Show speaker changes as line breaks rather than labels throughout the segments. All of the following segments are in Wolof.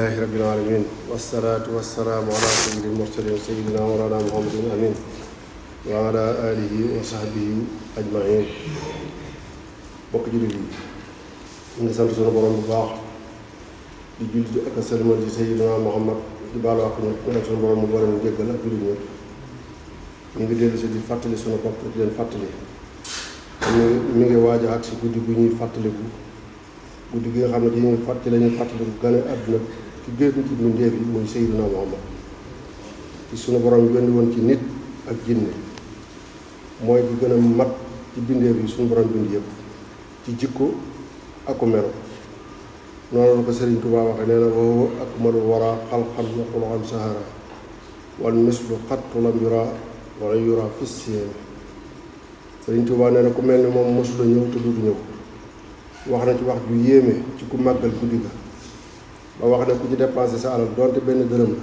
alhamdulilahi rabbil alamin wassalaatu wa ala alihi wa sahbihi ajmain bokk jullit yi ñu ngi sant sunu borom bu baax di jullit ak a sëlmal ci muhammad di baalu ak ñëpp ku sunu borom mu boole ñu jéggal ak jullit ñëpp ñu ngi dellu di fàttali sunu bopp leen fàttali mi ngi waaj a ak si guddi gu ñuy fàttaliku guddi gi nga xam ne dañuy fàttali lañuy fàttaliku gane àdduna ci gën a tudd ndéef yi muy Seydina Muhammad ci sunu borom yónni woon ci nit ak jinne mooy di gën a mat ci bindeef yi sunu borom bind yëpp ci jikko ak melo noonu la ko Serigne Touba waxe nee na woowu ak malul wara xalxan waxul am sahara wal mislu xattu lam yura wala yura fis siyeen Serigne Touba nee na ku mel ni moom mosul a ñëw te du ñëw wax na ci wax ju yéeme ci màggal guddi ga ba wax ne ku ci dépensé sa alal doonte benn dërëm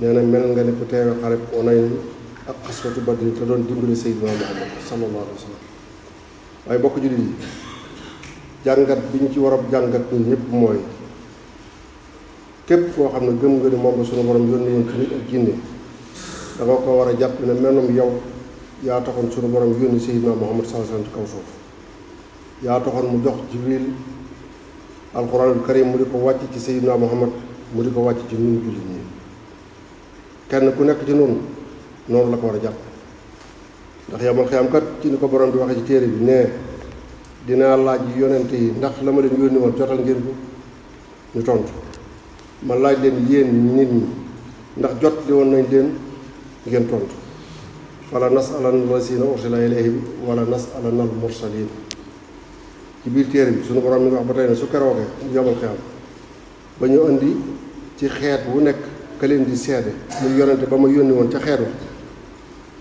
la nee na mel nga ne ku teewe xareb Hunayn ak xaswatu Badri te doon dimbali Seydina Muhammad sallallahu alayhi waaye bokk jullit yi jàngat bi ci war jàngat ñun ñëpp koo xam ne gëm nga ni moom sunu borom yónni woon ci nit ak jinne da nga ko war a jàpp ne menum yow yaa taxoon sunu borom yónni Seydina Muhammad sallallahu alayhi wa sallam ci kaw suuf yaa taxoon mu jox Jibril alquranul karim mu di ko wàcc ci sayyidina muhammad mu di ko wàcc ci nun jullit ñi kenn ku nekk ci noonu noonu la ko war a jàpp ndax yow man ci ni ko borom bi waxee ci téere bi nee dinaa laaj yonente yi ndax la ma leen yónni woon jotal ngeen ko ñu tontu ma laaj leen yéen nit ñi ndax jot li woon nañ leen ngeen tontu fala nasalanal lazina ursila ilayhim wala nasalanal mursalin ci biir téere bi suñu borom mi ngi wax ba tey ne su keroogee yomal ba ñu indi ci xeet wu nekk ka di seede muy yonente ba ma yónni woon ca xeetu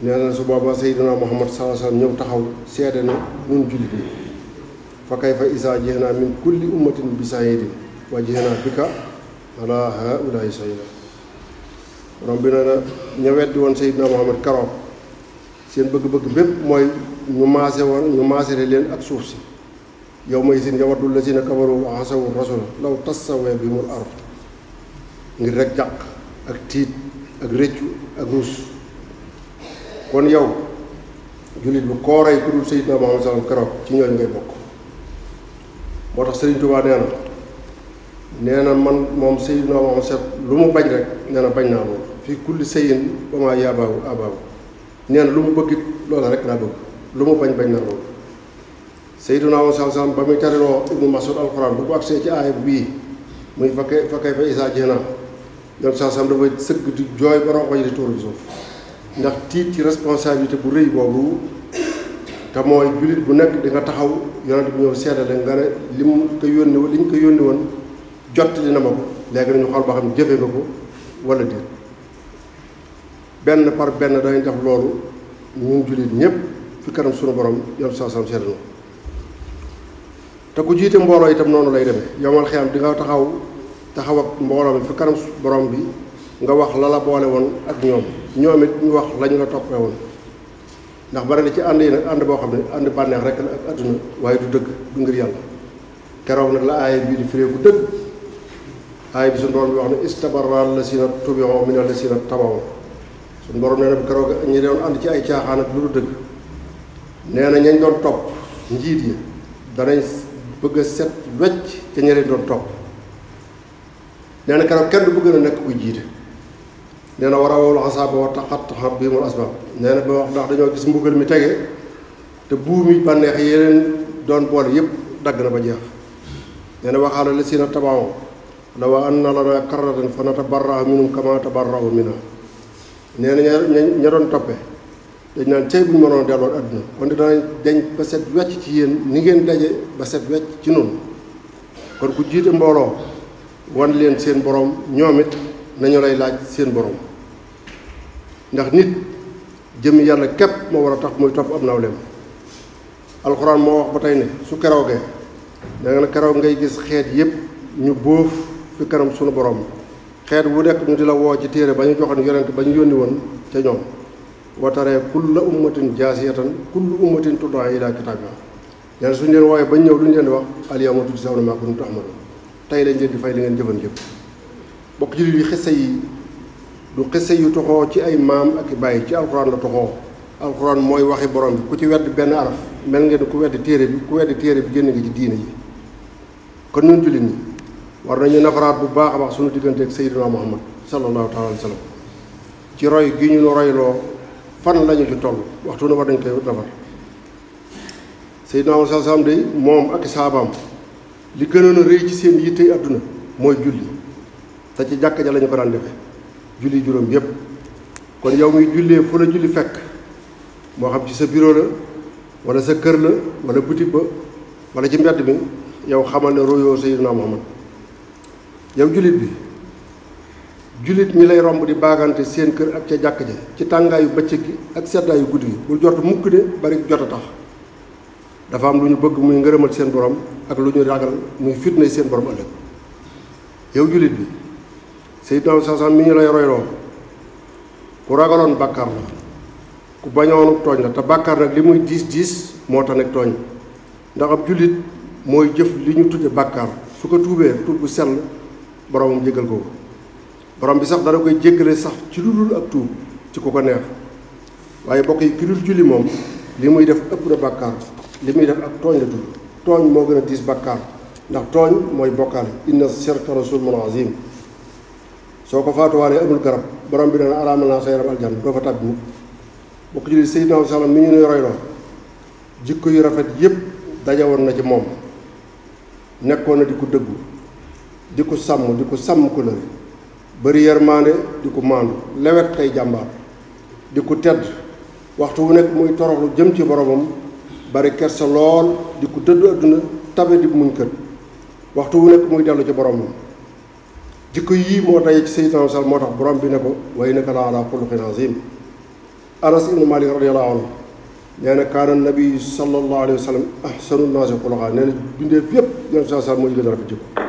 nee na su booba sayyidina Muhammad sallallahu alayhi wasallam ñëw taxaw seede na nun jullit ñi fa kayfa izaa ji'naa min kulli ummatin bi shahiidin wa ji'naa bika alaa haa'ulaa'i shahiidaa borom bi nee na ña weddi woon sayyidina Muhammad keroog seen bëgg-bëgg bépp mooy ñu maase woon ñu maasere leen ak suuf si yow ma isin yawaddu lazina kafaru wa asawu rasula law tassawee bi mu ard ngir rek jàq ak tiit ak rëccu ak ruus kon yow jullit bu koorey ku dul sayidna Muhammad salaam keroog ci ñooñ ngay bokk moo tax Sëriñ Tuubaa nee na nee na man moom sayidna Muhammad set lu mu bañ rek nee bañ naa loolu fii kulli sayin ba maa yaabaawu abaawu nee na lu mu bëggit loola rek laa bëgg lu mu bañ bañ naa loolu sayyiduna wa sallam ba muy tariloo ibnu masud alquran bu ko agsee ci aaya bii muy fakkee fakkee fa isaa jeena yoon saa sam dafa sëgg di jooy ba roxo yi di tuuru suuf ndax tiit ci responsabilité bu rëy boobu te mooy jullit bu nekk di taxaw yonent bi ñëw seddale nga ne li mu ko yónni li woon jottali na ma ko léegi nañu xool ba xam jëfe nga ko wala déet benn par benn dañuy def loolu ñun jullit ñëpp fi kanam sunu borom yoon saa sam seddal te ku jiite mbooloo itam noonu lay demee yomal xiyam di nga taxaw taxaw ak mbooloo mi fi kanam borom bi nga wax la la boole woon ak ñoom ñoom it ñu wax la la toppee woon ndax bari na ci ànd yi nag ànd boo xam ne ànd bànneex rek ak àdduna waaye du dëgg du ngir yàlla keroog nag la aaya bii di firéeku dëgg aaya bi suñu borom bi wax ne istabara allasina tubiu min allasina tabaw suñu borom nee na bu keroog ñi woon ànd ci ay caaxaan ak lu du dëgg na ñañ doon topp yi bëgg a set wecc ca ña leen doon topp nee na keroog kenn du bëgg a nekk kuy jiite nee na war a wowlu xasaaba wa taqattaxat bihimul asbaab nee na ba wax ndax dañoo gis mbugal mi tege te buumi bànneex yi leen doon boole yépp dagg na ba jeex nee na waxaala la sina tabaaw law anna lanaa karratan fa natabarraa minhum kama tabarrau minna nee na ña ña doon toppee dañ naan cey bu ñu mënoon delloo adduna wante danañ dañ ba set wecc ci yéen ni ngeen daje ba set wecc ci noonu kon ku jiite mbooloo wan leen seen boroom ñoom it nañu lay laaj seen boroom ndax nit jëm yàlla képp moo war a tax muy topp ab nawleem alxuraan moo wax ba tey ne su karaw da nga ne keroog ngay gis xeet yépp ñu bóof fi kanam sunu borom xeet wu nekk ñu di la woo ci téere ba ñu joxoon yonent ba ñu yónni woon ca ñoom wa taree kulla ummatin jaasiyatan kullu ummatin tuddaa ilaa kitaabiha nee na suñu leen waaye bañ ñëw lu ñu leen wax al yawma tujzawna maa kuntum ta'maluun tey lañ leen di fay li ngeen jëfan yëpp bokk jullit yi xisse yi du xisse yu toxoo ci ay maam ak i bàyyi ci alxuraan la toxoo alxuraan mooy waxi borom bi ku ci wedd benn araf mel ngeen ku wedd téere bi ku wedd téere bi génn nga ci diine yi kon ñun jullit ñi war nañu nafaraat bu baax a baax suñu diggante ak sayyidina Muhammad sallallahu taala alayhi ci roy gi ñu royloo fan lañu ci toll waxtu na war nañ koy defar Seydina Muhammad moom ak saabaam li gënoon a rëy ci seen yitte àdduna mooy julli te ci jàkka ja lañu ko daan defe julli juróom yépp kon yow muy jullee fu la julli fekk moo xam ci sa bureau la wala sa kër la wala boutique ba wala ci mbedd mi yow xamal ne royoo Seydina Muhammad yow jullit bi jullit ñi lay romb di baagante seen kër ak ca jàkk ja ci tàngaayu bëcc gi ak seddaayu guddi bu bul jot mukk de bari jot a tax dafa am lu ñu bëgg muy ngërëmal seen borom ak lu ñu ragal muy fitna seen borom ëllëg yow jullit bi Seydina sasam mi ñu lay royloo ku ragaloon bàkkaar la ku bañoonu tooñ la te bàkkaar nag li muy diis diis moo tax nag tooñ ndax ab jullit mooy jëf li ñu tudde bàkkaar su ko tuubee tuub bu sell boromam jégal ko. borom bi sax dana koy jékkale sax ci lu dul ak tuub ci ku ko neex waaye bokk yi ki dul julli moom li muy def ëpp na bàkkaar li muy def ak tooñ la tudd tooñ moo gën a diis bàkkaar ndax tooñ mooy bokkaale inna shirka la zulmun soo ko faatuwaalee amul garab borom bi dana araamal naa sa yaram aljanna doo fa tàbbi mukk bokk julli sayyidina sallam mi ñu nuy royloo jikko yu rafet yépp dajawoon na ci moom nekkoon na di ko dëggu di ko sàmm di ko sàmm ko bëri yërmande di ko maandu lewet tey jàmbaar di ko tedd waxtu wu nekk muy toroxlu jëm ci boromam bari kersa lool di ko dëddu àdduna tabe di muñ kër waxtu wu nekk muy dellu ci boromam jikko yii moo daje si sayyidina Muhammad moo tax borom bi ne ko wa innaka la ala xuluqin azim anas ibnu malik radiyallahu anhu nee na kaana nabi sallallahu alayhi wa sallam ahsanu naasi xuluqan nee na bindéef yépp yonent bi sallallahu moo ñu gën jikko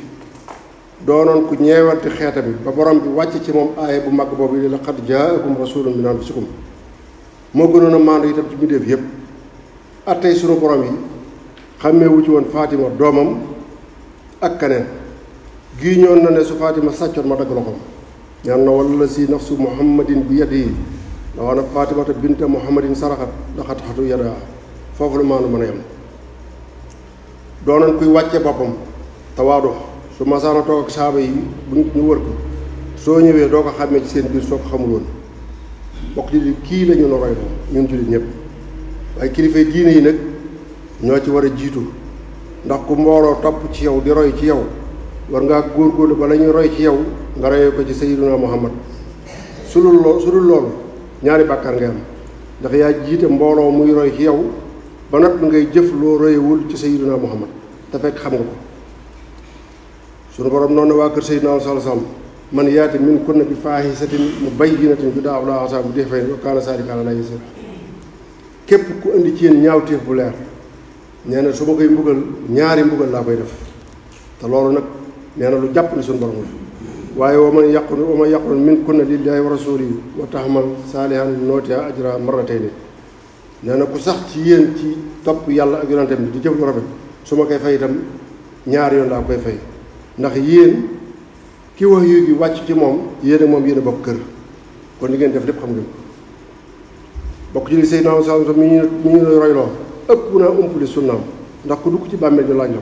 doonoon ku ñeewante xeetam bi ba borom bi wàcc ci moom aaya bu mag boobu li laqad jaakum rasulun min anfusikum moo gënoon a maandu itam ci mbindeef yëpp attey sunu borom yi xàmmeewu ci woon Fatima doomam ak kaneen gii ñoon na ne su Fatima sàccoon ma dagg loxoom ñaan na wala si nafsu muhammadin bi yadi yi la wax na Fatimata binta muhammadin saraxat laxat xatu yada foofu la maandu mën a yem doonoon kuy wàcce boppam tawaadu su masaana toog ak saaba yi bu ñu wër ko soo ñëwee doo ko xàmmee ci seen biir soo ko xamul woon bokk jullit kii lañu ñu roy roy ñun jullit ñëpp waaye kilifa diine yi nag ñoo ci war a jiitu ndax ku mbooloo topp ci yow di roy ci yow war ngaa góorgóorlu ba la ñuy roy ci yow nga royee ko ci sayyiduna Muhammad su dul loo su dul loolu ñaari bàkkaar ngay am ndax yaa jiite mbooloo muy roy ci yow ba noppi ngay jëf loo royewul ci sayyiduna Muhammad te fekk xam nga ko suñu borom noonu waa kër Seydina Muhammad sallam man yaati min kunna bi faahisatin mubayyinatin judaaw laa asaam bi defee wa kaana saalika alaa yasiir képp ku indi ci yéen ñaawteef bu leer nee na su ma koy mbugal ñaari mbugal laa koy def te loolu nag nee na lu jàpp ne suñu borom la waaye wa man yaqul wa man yaqul min kunna lillaahi wa rasuulihi wa taxmal saalihan nootiha ajra marratayni nee na ku sax ci yéen ci topp yàlla ak yonantam bi di jëf lu su ma koy fay itam fay ndax yéen ki wax yu gi wàcc ci moom yéen moom yéen a bokk kër kon li ngeen def lépp xam ngeen bokk ci li Seydina Muhammad sallallahu alayhi wasallam mi ñu ñu royloo ëpp naa umpale sunnaam ndax ku dugg ci bàmmeel ñu laaj la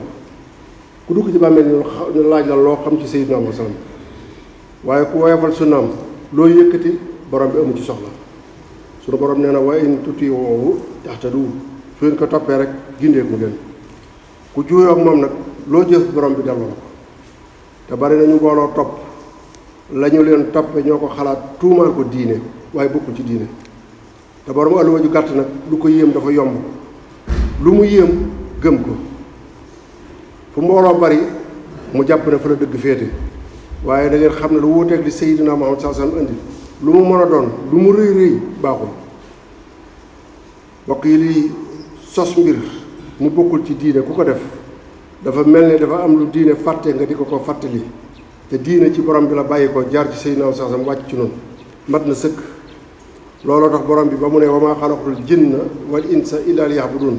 ku dugg ci bàmmeel ñu laaj la loo xam ci Seydina Muhammad sallallahu alayhi waaye ku woyofal sunnaam loo yëkkati borom bi amu ci soxla sunu borom nee na waaye in tuuti woowu taxtadu su ngeen ko toppee rek gindeeku ngeen ku juuyoo moom nag loo jëf borom bi delloo la ko te bari nañu mbooloo topp lañu leen toppe ñoo ko xalaat tuumaal ko diine waaye bokkul ci diine te borom àlluwa ju gàtt nag lu ko yéem dafa yomb lu mu yéem gëm ko fu mbooloo bari mu jàpp ne fa la dëgg féete waaye da ngeen xam ne lu wuuteeg li Seydina Muhammad sallallahu alayhi wasallam indi lu mu mën a doon lu mu rëy rëy baaxul mbokk yi lii sos mbir mu bokkul ci diine ku ko def dafa mel ne dafa am lu diine fàtte nga di ko ko fàttali te diine ci borom bi la bàyyi ko jaar ci sax saxam wàcc ci noonu mat na sëkk looloo tax borom bi ba mu ne wa maa xalaqtul jinna wal insa illaa liya'buduun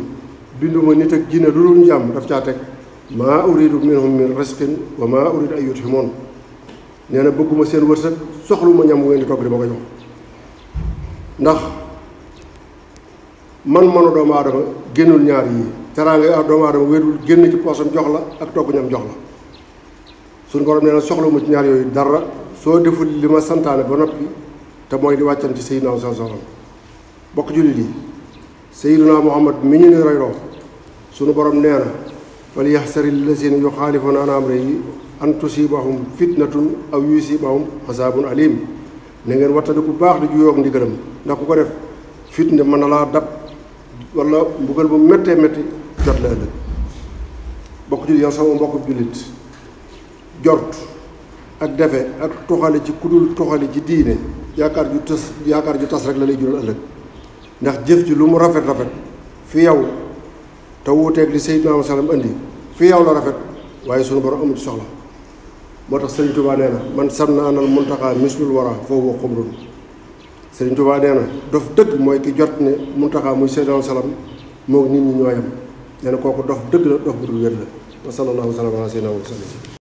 binduma nit ak ne lu dul jàmm daf caa teg maa uridu minhum min risqin wa maa uridu an yutimoon nee na bëgguma seen wërsëg soxlu ma ñam ngeen togg di ma ko jox ndax man manu doomu aadama génnul ñaar yii teraanga yi doomu aadama wéerul génn ci poosam jox la ak togg ñam jox la suñu borom nee na soxlawuma ci ñaar yooyu dara soo deful li ma santaane ba noppi te mooy di wàccam ci Seydina Muhammad sallallahu alayhi wasallam bokk jullit yi Seydina Muhammad mi ñu ne royloo suñu la nee na fal yaxsari lazina yuxaalifuuna an amrihi an tusibahum fitnatun aw yusibahum azaabun alim na ngeen wattandi baax di juyoog ndigalam ndax ku ko def fitne mën na laa dab wala mbugal bu méttee métti jot la ëllëg sama mbokk jullit jort ak defe ak tuxale ci kudul tuxale ci diine yaakaar ju tas yaakaar ju tas rek la lay jural ëllëg ndax jëf ci lu mu rafet rafet fi yow te wuuteeg li Seydina Muhammad sallam indi fi yow la rafet waaye sunu borom amul soxla moo tax Serigne Touba nee na man sannaanal muntaxaa mislul wara foofu wa xumrun Serigne dof dëgg mooy ki jot ne muntaxaa muy Seydina Muhammad sallam moog nit ñi ñooyam nee na kooku dof dëgg la dof bu dul wér la wa sallallahu wa sallam ala sayyidina wa sallam